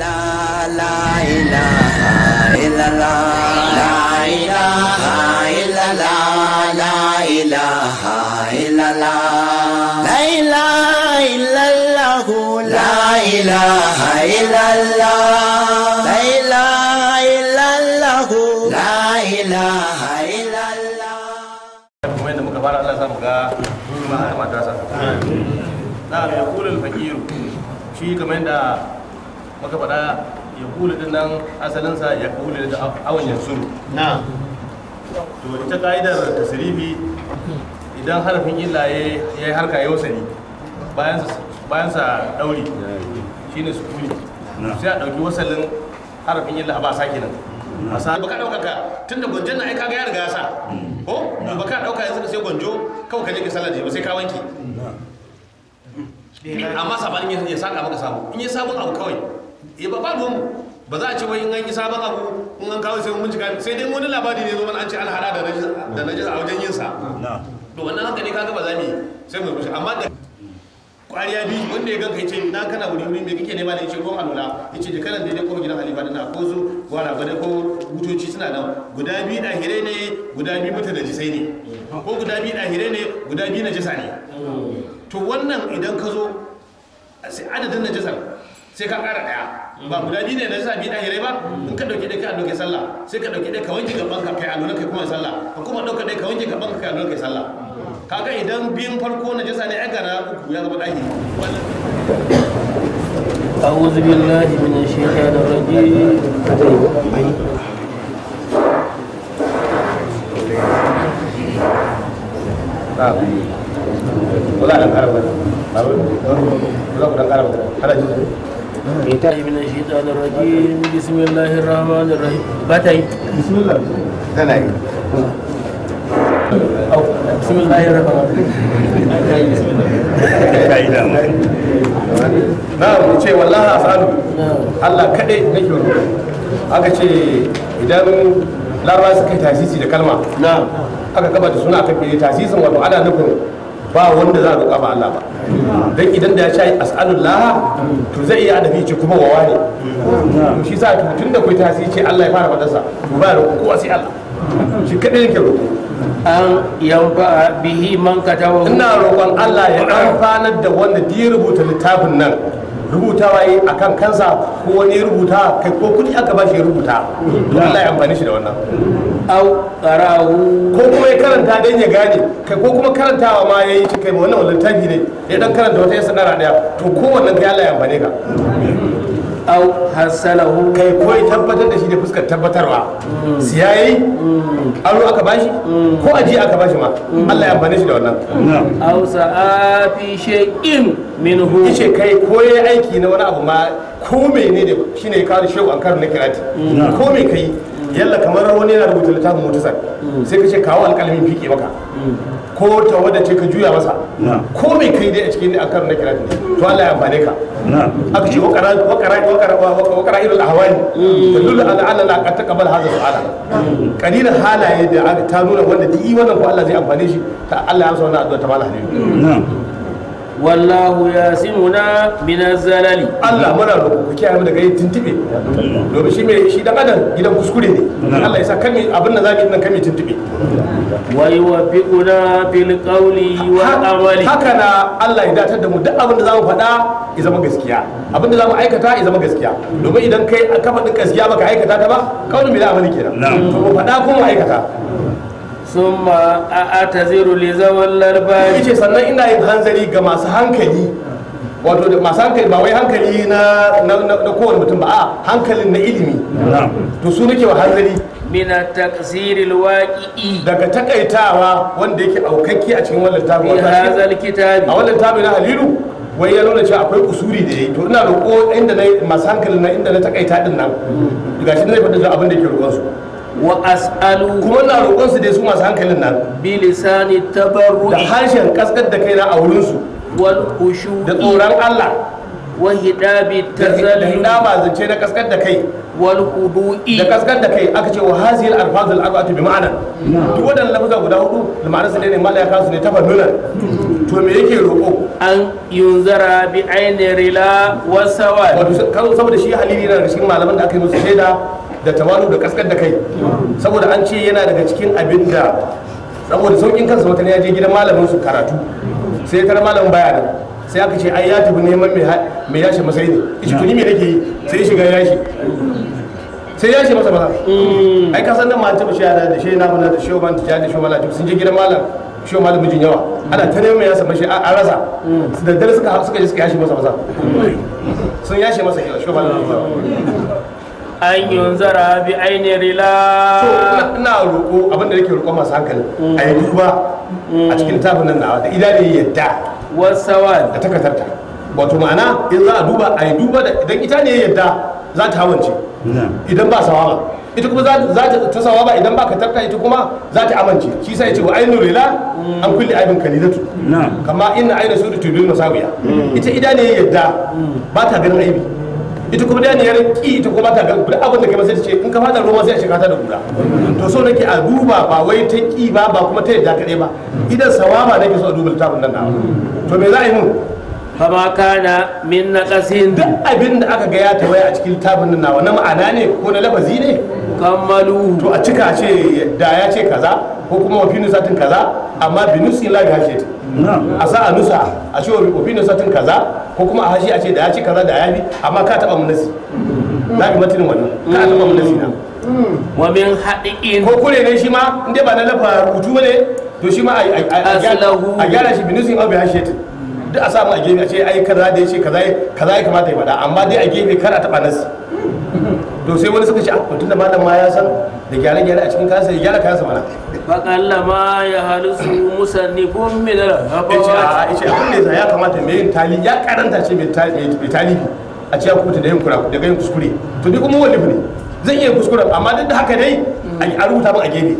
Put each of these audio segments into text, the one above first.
la la ilaha illallah la ilaha illallah la kamar yadda maka faɗa ya kula din nan asalinsa ya kula da awon yanzu na to ita ka'idar tasirifi idan harafin illa ya yi harka yau sani bayan sa dauri shi ne kuni sai a ɗauki wasalin harafin illa ba sa kenan a sa baka ɗauka ka tun da gwanjon na aika ga ya riga mm. ko baka ɗauka yanzu ka sai gwanjo kawai ka je ka ba sai ka wanke amma sabanin ya saka maka sabo in yi sabon abu kawai ya ba ba ruwanmu ba za a ce wani yanki yi sabon abu in an kawo sai mun bincika sai dai wani labari ne zo mana an ce alhara hada da najis a wajen yin sa to wannan haka ne kaga ba za mu yi sai mu rushe amma da kwariya bi wanda ya ganka yace na kana wuri wuri me kike nema da yace ko alula yace je kana daidai ko gidan halifa dana ko zu gwara gwada ko butoci suna nan guda biyu hire ne guda biyu da najisai ne ko guda biyu hire ne guda biyu jisa ne to wannan idan ka zo sai adadin na jisa sai ka kara daya ba guda biyu ne na sa biyu ɗahirai ba in ka ɗauki ɗaya ka ɗauke sallah sai ka ɗauki ɗaya ka wanke gaban ka kai alwala kai kuma sallah ka kuma ɗauka ɗaya ka wanke gaban ka kai alwala kai sallah kaga idan biyun farko na jasa ne aga na uku ya zama ɗahi أعوذ بالله من الشيطان الرجيم ولا أنا أعرف ولا أنا أعرف ولا أنا أعرف بالله من الشيطان الرجيم بسم الله الرحمن الرحيم باتاي بسم الله تناي أو بسم الله الرحمن الرحيم ce wallahi Allah kadai nake aka ce idan laraba suka tasisi da kalma aka gaba da suna aka tasisi wato ana nufin ba wanda za a roƙa ba Allah ba dan idan da ya ce as'alullah to zai iya adabi ce kuma wawa ne shi sa to tunda kai ta sai ce Allah ya fara fadarsa to ba roƙo kowa sai Allah shi kadai yake roƙo an yanfa bihi man katawa ina roƙon Allah ya amfanar da wanda ya rubuta littafin nan rubutawa yi a kan kansa ko wani rubuta kai ko kudi aka ba shi rubuta Allah ya amfani shi da wannan au qarahu ko kuma ya karanta dan ya gane kai ko kuma karantawa ma yi shi kai wannan wallahi ne ya dan karanta wata ya sanara daya to wannan kai Allah ya amfane ka au hasalahu kai ko ya tabbatar da shi da fuskar tabbatarwa siyayi aro aka bashi ko aji aka bashi ma Allah ya amfane shi da wannan au sa'afi shay'in minhu yace kai ko aiki na wani abu ma ko mene ne shine ya kawo shehu an karu na kirati ko me kai yalla kamar wani yana rubuta littafin mutasar sai ka ce kawo alƙalamin fike maka ko ta wadda ce ka juya masa ko mai kai dai a cikin da kan na kira to Allah ya amfane ka aka ce wakara wakara wakara wakara ilal ahwani hmm. dalil ala ala la ka taqabbal hadha su'ala kanina hmm. halaye da ta nuna wanda duk wannan ko Allah zai amfane shi ta Allah ya amsa addu'a ta malah ne wallahu ya simuna minan zalali Allah mana roƙo ku kiyaye mu daga yin tuntube domin shi mai shi dan adam gidan kuskure ne Allah ya sa kami abin da zamu nan kami tuntube wa yuwaffiquna fil qawli wal amali haka na Allah ya datar da mu duk abin da mu faɗa ya zama gaskiya abin da mu aikata ya zama gaskiya domin idan kai kafa ɗin gaskiya baka aikata ta ba kawai mai da amali kenan to faɗa kuma aikata summa a ataziru li zawal larbari yace sannan ina yin hanzari ga masu hankali wato da masu hankali ba wai hankali na na kowane mutum ba a hankalin na ilimi to su nake wa hanzari mina taqsiril waqi'i daga takaitawa wanda yake aukakki a cikin wannan tabi a wannan tabi na halilu wai ya nuna cewa akwai usuri da yayi to ina roƙo inda na masu hankali na inda na takaita din nan gashi na faɗi abin da yake roƙon su wa as'alu kuma na roƙon su da su masu hankalin nan bi lisani tabarru da harshen kaskar da kaina a wurin su wal khushu da tsoron Allah wa hidabi tazallu da hidaba zance na kaskar da kai wal hudu'i da kaskar da kai aka ce wa hazil alfazul arba'atu bi ma'ana duk wadannan lafuza guda hudu da ma'anar su ne malaka su ne tafannunan to me yake roƙo an yunzara bi ainihin rila wasawa wato saboda shi halili na cikin malaman da aka yi musu shaida da tawadu da kaskar da kai saboda an ce yana daga cikin abin da saboda saukin kansa wata ne ya je gidan malamin su karatu sai ya tara malamin baya nan sai aka ce ai ya tafi neman mai yashi masai ne ishi tuni mai nake yi sai ya shiga yashi sai yashi masa maza hmm. ai ka san nan ma taɓa shi da shi na mana da shi ba ta da shi ba duk sun je gidan malam shi malam mijin yawa ana ta neman yasa mashi a rasa hmm. da dare suka suka je suka yashi masa maza hmm. sun yashi masa shi ba mijin an yunzara bi aini rila so na roƙo abinda nake roƙo masu hankali a yi duba a cikin tafin nan nawa da idanun yadda wasawa da takatarta wato ma'ana in za a duba a yi duba da idan ita ne yadda za ta hawance idan ba sawa ba ita kuma za ta ta sawa ba idan ba ka tarka ita kuma za ta amince shi sai ce wa ainu rila an kulli aibin kalilatu kama inna aina sudu tudun masawiya mm. ita ida ne yadda mm. ba ta ganin aibi ita kuma yar ki ita kuma ta ga duk abin da kai masa ce in ka fada ruwa sai a shiga ta da gura to so nake a duba ba wai ta ki ba ba kuma ta yadda kadai ba idan sawaba nake so a duba littafin nan nawa. to me za a yi mun fama kana min na kasin duk abin da aka gaya ta waya a cikin littafin nan nawa na ma'ana ne ko na lafazi ne kammalu to a cika ce da ya ce kaza ko kuma wa fi nusatin kaza amma binusi lafi hake ta. a sa a nusa a ce rikofi nusa tun kaza ko kuma a hashi a ce da ya ci kaza da ya bi amma ka taɓa mu nasi na bi matinin wannan ka taɓa mu nasi na mm. wa min haɗi'in ko kure ne shi ma inda ba na lafa rubutu ne to shi ma a gyara shi binusin abu ya shetin duk a samu a gefe a ce ai kaza da ya ce kaza ya kamata ya faɗa amma dai a gefe kar a taɓa nasi mm. to sai wani suka ce a ah, mutum da malam ma ya san da gyare-gyare a cikin kansa ya gyara kansa mana faƙallama ya halisu musannifun min al-hafawa ya ce abin da ya kamata mai yin tali ya karanta ce mai tali a ce ya kubuta da yin kura daga yin kuskure to ni kuma wani ne zan iya kuskuren amma duk da haka dai a rubuta min a gefe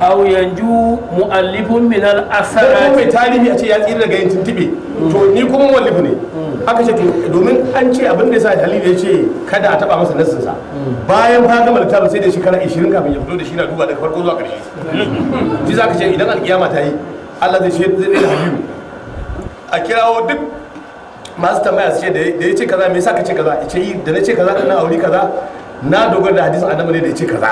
aw yanju mu'allifun min al asara ko mai tarihi a ce ya tsira daga yin tuntube to ni kuma mu'allifu ne mm. aka ce domin an ce abin da yasa Halilu ya ce kada a taba masa nassin sa bayan fa gama littafin sai da shekara 20 kafin ya fito da shi na duba daga farko zuwa karshe shi ka ce idan alkiyama ta yi Allah zai shi zai da biyu a kirawo duk masu tambaya su ce da ya ce kaza me yasa ka ce kaza ya ce da na ce kaza na auri kaza na dogara da hadisin annabi ne da yace kaza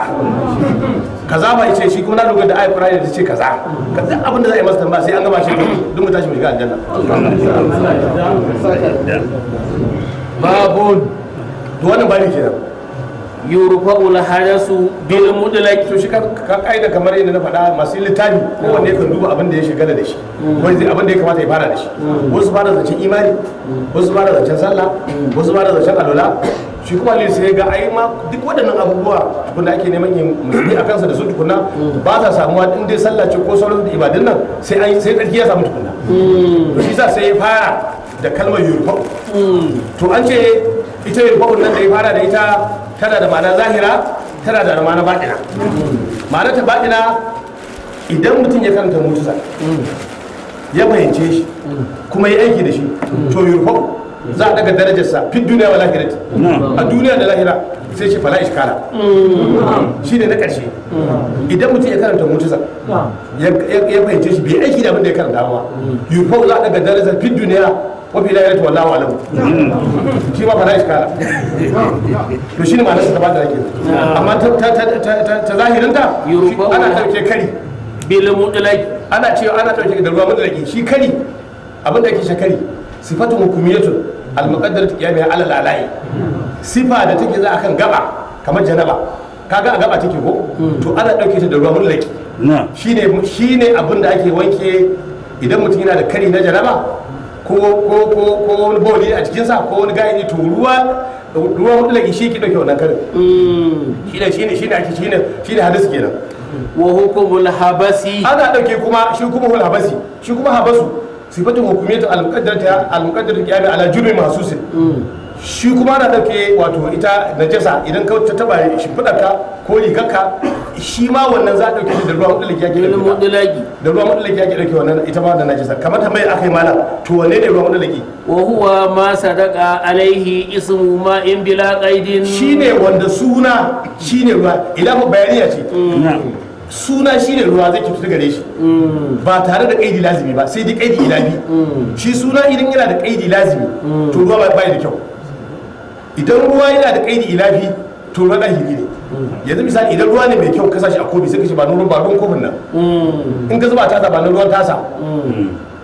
kaza ba yace shi kuma na dogara da ayatul qur'ani da yace kaza kaza abin da za a yi masa tamba sai an gama shi duk mu tashi mu shiga aljanna babun to wannan bari kenan yurfa'u laharasu bil mudlaq to shi ka kaida kamar yadda na faɗa masu littafi ko wanda yakan duba abin da ya shiga da shi wani abin da ya kamata ya fara da shi wasu fara zancen imani wasu fara zancen sallah wasu fara zancen alola shi kuma ne sai ga ai ma duk waɗannan abubuwa da ake neman yin musulmi a kansa da su tukuna ba sa samuwa in dai sallah ce ko sauran da ibadun nan sai an sai tsarki ya samu tukuna to shi sa sai ya fara da kalmar yurfa to an ce ita yurfa nan da ya fara da ita tana da ma'ana zahira tana da ma'ana baɗina ma'ana ta baɗina idan mutum ya karanta mutuza ya fahimce shi kuma ya aiki da shi to yurfa za a daga darajarsa fi duniya wa lahirati a duniya da lahira sai shi fala iskara mm. shi ne na ƙarshe mm. idan mutum ya karanta mutusa ya fahimce shi bai aiki da abin da ya karanta ba mm. yufau za a daga darajar fi duniya wa fi lahirati wallahu alamu shi ma fala iskara to shi ne ma sa ta bada rake amma ta zahirinta ana ɗauke kari bil mutlaq ana cewa ana ɗauke da ruwa mutlaqi shi kari abin da ake shakari sifatun hukumiyatun almuqaddaratu qiyamiha ala lalai sifa da take za akan gaba kamar janaba kaga a gaba take ko to ana dauke ta da ruwa mulaki shine shine abin da ake wanke idan mutum yana da kari na janaba ko ko ko ko wani boli a sa ko wani gayi to ruwa ruwa mulki shi ke dauke wannan karin hmm. shine shine shine ake shine shine hadisi kenan wa hukumul habasi ana dauke kuma shi kuma hul habasi shi kuma habasu sifatin hukumiyar al ta al-muqaddaratu qiyami ala jurmi sin shi kuma na dauke wato ita najasa idan ka ta taba shi shimfidarka ko rigarka shi ma wannan za a dauke da ruwan mudallaki yake da ruwa da ruwan mudallaki yake dauke wannan ita ma da najasa kamar tambayar akai mala to wanne ne ruwan mudallaki wa huwa ma sadaqa alaihi ismu ma in bila qaidin shine wanda suna shine ruwa idan bayaniya ce mm. suna shi ne ruwa zai kitu gare shi mm. ba tare da kaidi lazimi ba sai dai kaidi ilabi mm. shi suna idan yana da kaidi lazimi mm. to ruwa ba da kyau idan ruwa yana da kaidi ilabi to ruwa ɗahiri ne yanzu misali idan ruwa ne mai kyau ka sashi a kofi sai ka ce ba nurin ba ruwan kofin nan in ka zuba tasa ba nan ruwan tasa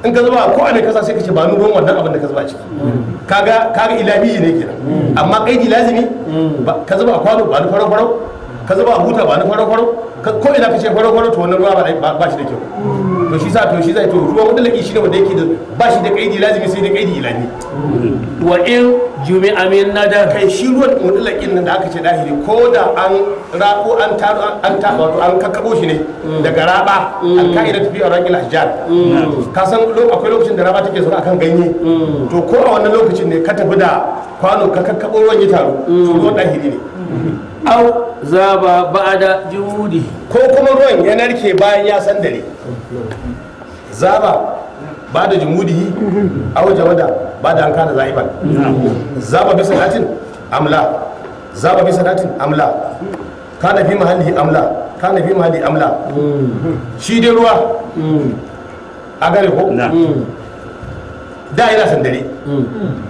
in ka zuba ko ana kasa sai ka ce ba nurin wannan abin da ka zuba ciki kaga kaga ilabi ne kenan amma kaidi lazimi ka zuba a kwano ba na farau farau ka zuba a buta ba na faro faro ko ina ka ce faro faro to wannan ruwa ba shi da kyau to shi sa to shi zai to ruwa wanda laki shi ne wanda yake da ba shi da kaidi lazimi sai da kaidi ilani wa in jumi amin na da kai shi ruwan wanda lakin nan da aka ce dahiri ko da an rabo an taro an ta wato an kakkabo shi ne daga raba mm. an kaida tafi a rakil ahjar mm. ka san akwai lokacin da raba take zuwa akan ganye mm. to ko a wannan lokacin ne ka tafi da kwano ka kakkabo ruwan ya taro to ruwan dahiri ne au zaba da juhudi ko kuma ruwan ya narke bayan ya san dare zaba ba da a au jawada ba da an kana za'iban zaba bisa latin amla zaba bisa latin amla kana fi mahalli amla kana fi mahalli amla shi dai ruwa a gare ko da yana sandare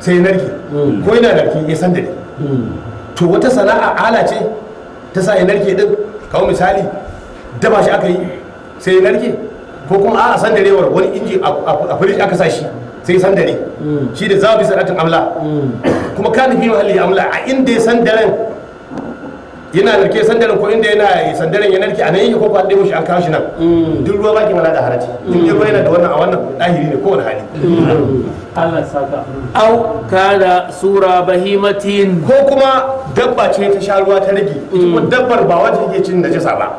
sai narki ko yana narki ya sandare to wata sana'a ala ce ta sa ya narke din kawo misali ba shi aka yi sai ya narke ko kuma a sandarewar wani inji a firish aka sa shi sai sandare mm. shi da za bi sanatin amla mm. kuma ka nufi mahalli amla a inda ya sandaren yana narke sandarin ko inda yana sandarin yana narke a nan yake ko ba dai mushi an kawo shi nan mm. duk ruwa baki mana da haraji mm. in dai yana da wannan a wannan dahiri ne ko wani hali mm. Allah saka au kada sura bahimatin ko kuma dabba ce ta sha ruwa ta rage kuma dabbar ba wajen yake cin najasa ba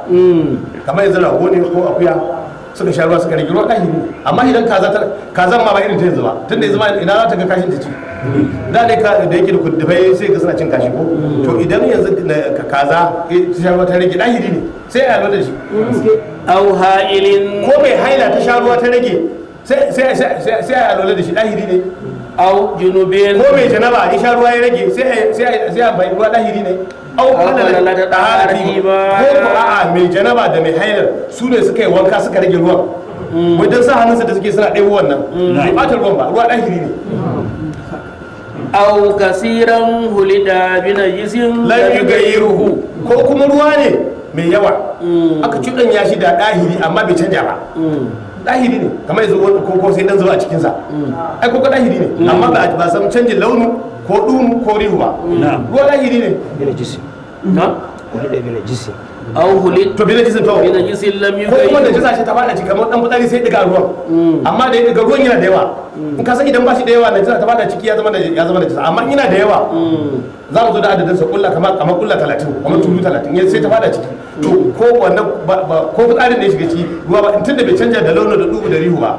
kamar yanzu rago ne ko akuya suka sha ruwa suka rage ruwa ɗahi amma idan kaza ta kazan ma ba irin ta yanzu ba tun yanzu ma ina za ta ga kashin ta ci da ne ka da yake da kuddufai sai ka suna cin kashi ko to idan yanzu kaza eh, ta sha ruwa ta rage ɗahi ne sai a yalo da shi au ha'ilin ko mai haila ta sha ruwa ta rage sai a yalo da shi ɗahiri ne au junubin ko mai janaba ya sha ruwa ya rage sai a bayi ruwa ɗahiri ne aukunan da ɗahari ba ko ko a'a mai janaba da mai hailar su ne suka yi wanka suka rage ruwan mm. wajen sa hannunsa da suke suna ɗebo wannan bai mm. ɓata ruwan ba ruwa ɗahiri ne au kasiran hulida bi najisin la ruhu. ko kuma ruwa ne mai yawa mm. aka cudan ya shi da ɗahiri amma bai canja ba ɗahiri ne kamar yanzu ko sai ɗan zuwa a cikin sa ai ko ɗahiri ne amma ba a san canjin launin ko ɗum ko rihuwa wala lahiri ne bila jisi na hulida bila jisi an huli to bila jisin to bila jisin lam ko kuma da jisa shi ta bada ciki kamar dan fitsari sai diga ruwan mm. amma da diga ruwan yana da yawa mm. in ka san idan ba shi da yawa da jisa ta bada ciki ya zama da ya zama da jisa amma ina da yawa mm. za mu zo da adadin sa kulla kamar kamar kulla 30 kamar tulu 30 ya sai ta bada ciki to ko wannan ko fitsarin da ya shiga ciki ruwa ba tunda bai canja da launin da dubu da rihu ba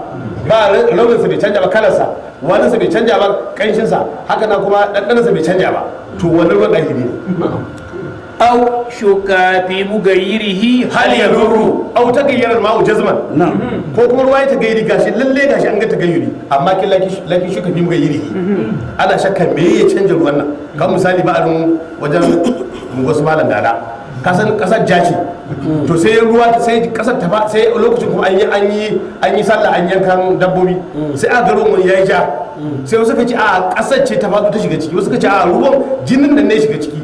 ba launin su bai canja ba kalarsa wani su bai canja ba kanshinsa haka na kuma ɗanɗanan su bai canja ba to wani ruwan ɗaki ne au shuka fi mugayirihi hal ya ruru au ta gayyarar ma'u jazman ko kuma ruwa ya ta gayyari gashi lalle gashi an ga ta gayyari amma kin laki shuka fi mugayirihi mhm. ana shakka me ya canja ruwan nan kan misali ba a wajen wasu malam dada kasan kasar jaci to sai ruwa sai kasar ta ba sai lokacin kuma an yi an yi an yi sallah an yankan dabbobi sai a garo mun yayi ja sai wasu kace a kasar ce ta fado ta shiga ciki wasu kace a ruwan jinin da ne shiga ciki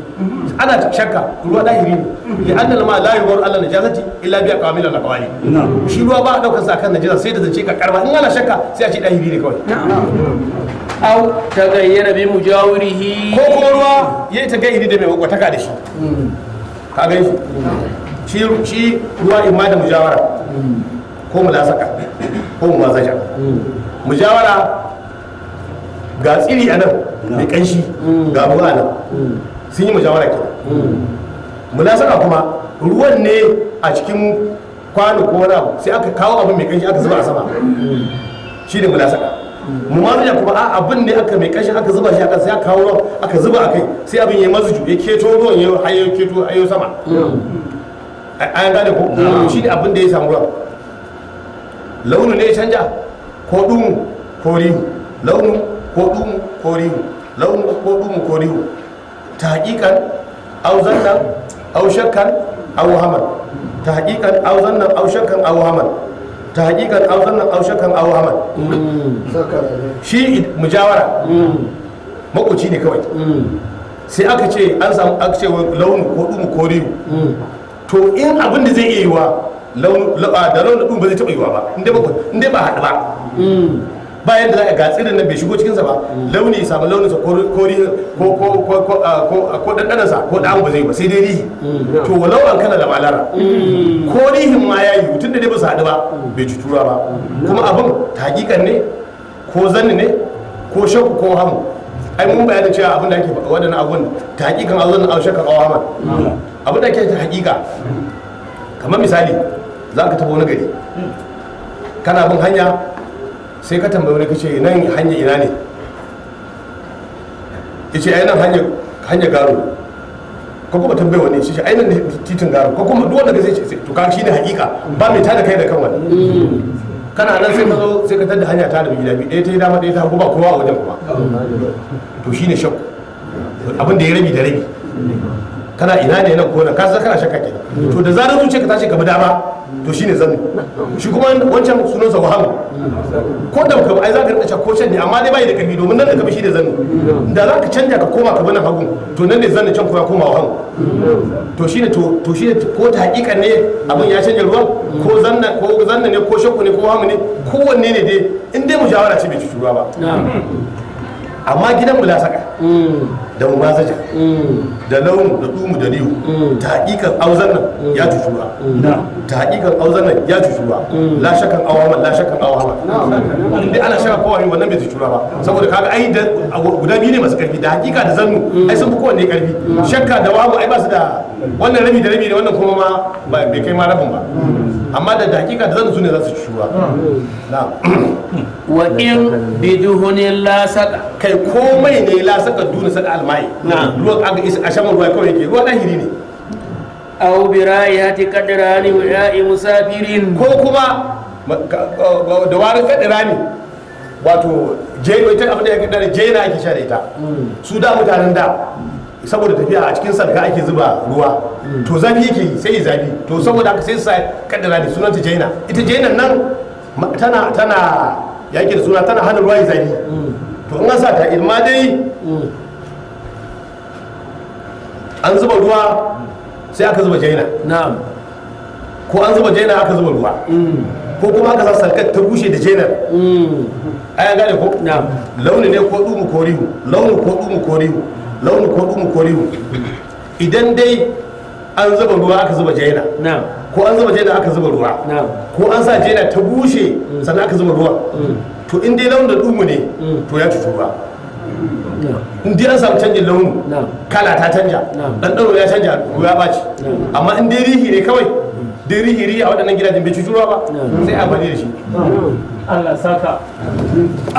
ana shakka ruwa dahiri ne ya annal ma la yuwar Allah najasati illa bi aqamil al aqwali shi ruwa ba daukar sa kan najasa sai da zance ka karba in ana shakka sai a ce dahiri ne kawai au ta gayyana bi mujawirihi ko kuma ruwa yayi ta gayyiri da mai makwataka da shi hmm. ka gan shi shi ruwa ma da mujawara ko mulasaka ko mazaja mujawara ga tsiri a nan mai kanshi ga ruwa nan sun yi mujawara ke mulasaka kuma ruwan ne a cikin kwano ko wani abu sai aka kawo abin mai kanshi aka zuba a sama shi ne mulasaka muawiya kuma a abin ne aka mai kashi aka zuba shi aka sai aka kawo aka zuba a kai sai abin ya mazu ya keto ruwan ya hayo keto hayo sama an gane ko shi ne abin da ya samu ruwan launin ne ya canja ko dumu ko rihu launin ko dumu ko rihu launin ko dumu ko rihu ta hakikan au zanna au shakkan au hamar ta hakikan au zannan au shakkan au hamar ta hakikar kausan nan aushe kan awo haman shi mujawara makoci ne kawai sai aka ce an samu aka ce launu ko dumu ko riyu to in abin da zai iya yiwa da launu dumu ba zai taɓa yiwa ba inda ba haɗu ba ba yadda za a ga tsirin nan bai shigo cikinsa ba launi ya samu launinsa ko ko ah, ah, ɗanɗanansa ko ɗan ba zai ba sai dai rihi to walau an kana da malara ko rihin ma ya yi tun da dai ba su haɗu ba bai ci tura ba kuma abin hakikan ne ko zanni ne ko shakku ko hamu ai mun bayanin cewa abin da ake waɗannan abun ta hakikan Allah na aushaka kawo haman abin da ake ta hakika kamar misali za ka taɓa wani gari kana bin hanya sai ka tambayi wani kace nan hanya ina ne yace ai nan hanya hanya garo ko kuma tambayi wani shi ai nan titin garo ko kuma duk wanda ka sai to ka ne hakika ba mai tada kai da kan wani kana nan sai ka zo sai ka tada hanya ta da gida bi ɗaya ta yi dama ɗaya ta hagu ba kowa a wajen kuma to shi ne shakku abin da ya rabi da rabi kana ina ne nan kona ka kana shakka kenan to da zarar zuciya ka tashi gaba dama to shine zan shi kuma wancan sunan sa wahala ko da ka ai za ka rinka ko can ne amma dai bai da kabi domin nan da kabi shine shi da za ka canja ka koma ka bi nan hagun to nan ne zan can kuma koma wahala to shine to to shine ko ta hakikan ne abin ya canja ruwan ko zanna ko zanna ne ko shakku ne ko wahamu ne ko wanne ne dai in dai mujawara ce bai ci ruwa ba amma gidan mu la saka mm. da mubazaja mm. da launu da dumu da niyu mm. ta hakikan auzan mm. nan ya cuci ruwa ta hakikan auzan nan ya cuci ruwa la shakkan awama la shakkan awama dai ana shaka kowa wannan bai cuci ba saboda kaga ai da guda biyu ne masu karfi da hakika da zannu ai sun fi kowanne karfi shakka da wabu ai ba su da wannan rabi da rabi ne wannan kuma ma bai kai ma rabin ba amma da hakika da zannu su ne za su ci shura wa in biduhunin lasaka kai komai ne lasaka duna saka mai ruwan aga isa a shan ruwa kawai ke ruwa ɗahiri ne aw bi rayati qadrani wa ya'i musafirin ko kuma da warin qadrani wato jeno ita abin da ya kaddara jena ake share da ita mm. su da mutanen da saboda tafiya a cikin sarka ake zuba ruwa mm. to zafi yake sai zafi to saboda haka sai sa kaddara ne sunanta jaina ita jaina nan tana tana yake da suna tana hana ruwa ya zafi mm. to in an sa ta ilma dai an zuba ruwa sai aka zuba jaina na'am ko an zuba jaina aka zuba ruwa mm. ko kuma aka sa ta bushe da jainar mm. ai gane ko na'am launi ne ko dumu ko rihu launi ko dumu ko rihu launi ko dumu ko rihu idan dai an zuba ruwa aka zuba jaina na'am ko an zuba jaina aka zuba ruwa na'am ko an sa jaina ta bushe mm. sannan aka zuba ruwa to in dai launin da dumu ne to ya cutu ruwa in dai an samu canjin launi kala ta canja Dan dauro ya canja ya ɓaci amma in dai rihi ne kawai dai rihi ri a waɗannan gidajen bai cucu ruwa ba sai a bari da shi Allah saka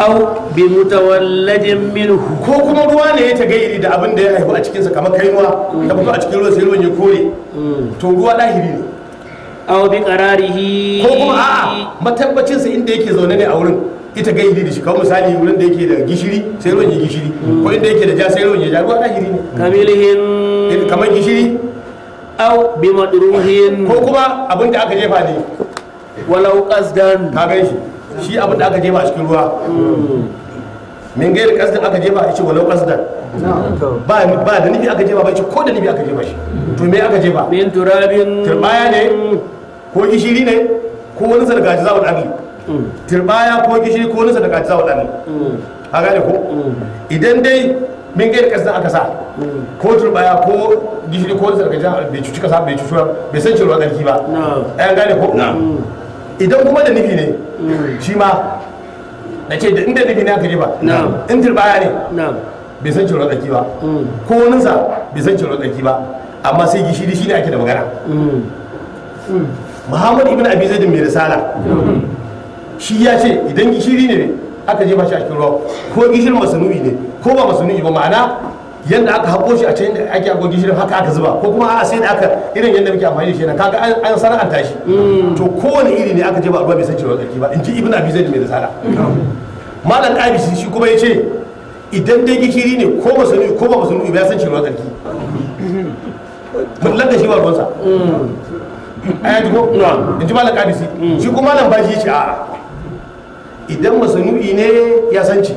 au bi mutawalladin minhu ko kuma ruwa ne ya tagayyari da abin da ya haihu a cikinsa kamar kainuwa ya fito a cikin ruwa sai ruwan ya kore mm. to ruwa lahiri ne au bi qararihi ko kuma a'a matabbacinsa inda yake zaune ne a wurin ita gaidi da shi kawo misali wurin da yake da gishiri sai ruwan ya gishiri ko inda yake da ja sai ruwan ya ja ruwa kahiri ne kamilihin eh, kamar gishiri au bi madruhin ko kuma abin da aka jefa ne walau qasdan ka gan shi shi abin da aka jefa a cikin ruwa min gairi qasdan aka jefa a cikin walau qasdan ba ba da nufi aka jefa ba shi ko da nufi aka jefa shi to me aka jefa min turabin turbaya ne ko gishiri ne ko wani zargaji zawul abin turbaya ko gishiri ko nisa da kaci za waɗannan a gane ko idan dai min gaira kasa aka sa ko turbaya ko gishiri ko nisa da kaci bai cuci kasa bai cuci bai san cewa tsarki ba a gane ko idan kuma da nufi ne shi ma na ce da inda nufi ne aka je ba in turbaya ne bai san cewa tsarki ba mm. ko nisa bai san cewa tsarki ba amma sai gishiri shi ne ake da magana mm. Mm. muhammad ibn abi zaid mai risala shi ya ce idan gishiri ne aka jefa shi a cikin ruwa ko gishirin masanu'i ne ko ba masanu'i ba ma'ana yadda aka hako shi a can yadda ake hako gishirin haka aka zuba ko kuma a sai da aka irin yadda muke amfani da shi nan kaga an sana'anta shi mm. to kowane iri ne aka jefa ruwa bai san cewa tsarki ba in ji ibn abi zaid mai risala malam abisi shi kuma ya ce idan dai gishiri ne ko masanu'i ko ba masanu'i ba ya san cewa tsarki mun da shi ba ruwansa mm. a yanzu ko in ji malam abisi mm. shi kuma malam bashi shi ce a'a idan masanu'i ne ya sanci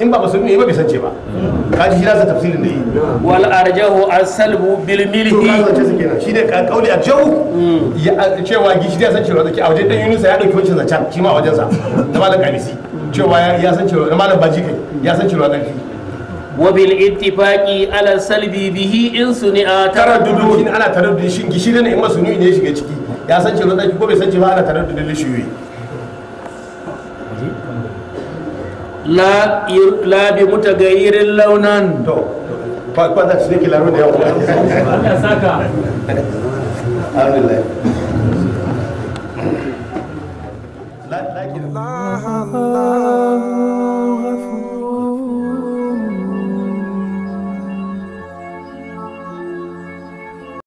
in ba masanu'i ba bai sanci ba ji shi nasa tafsirin da yi wal arjahu asalbu bil milhi to ka ce suke nan shine ka kauli jau ya cewa gishiri ya san cewa zaki a wajen dan Yunusa ya dauki wancin zancan shi ma a wajen sa da malam Kamisi cewa ya san cewa da malam Baji kai ya san cewa zaki wa bil ittifaqi ala salbi bihi in suni'a taraddudun ana taraddudu shin gishi ne in masuni ne ya shiga ciki ya san cewa zaki ko bai san ba ana taraddudin shi yoyi la la bi mutaghayyir lawnan to pa pa ta sike la rode yo saka alhamdulillah la la la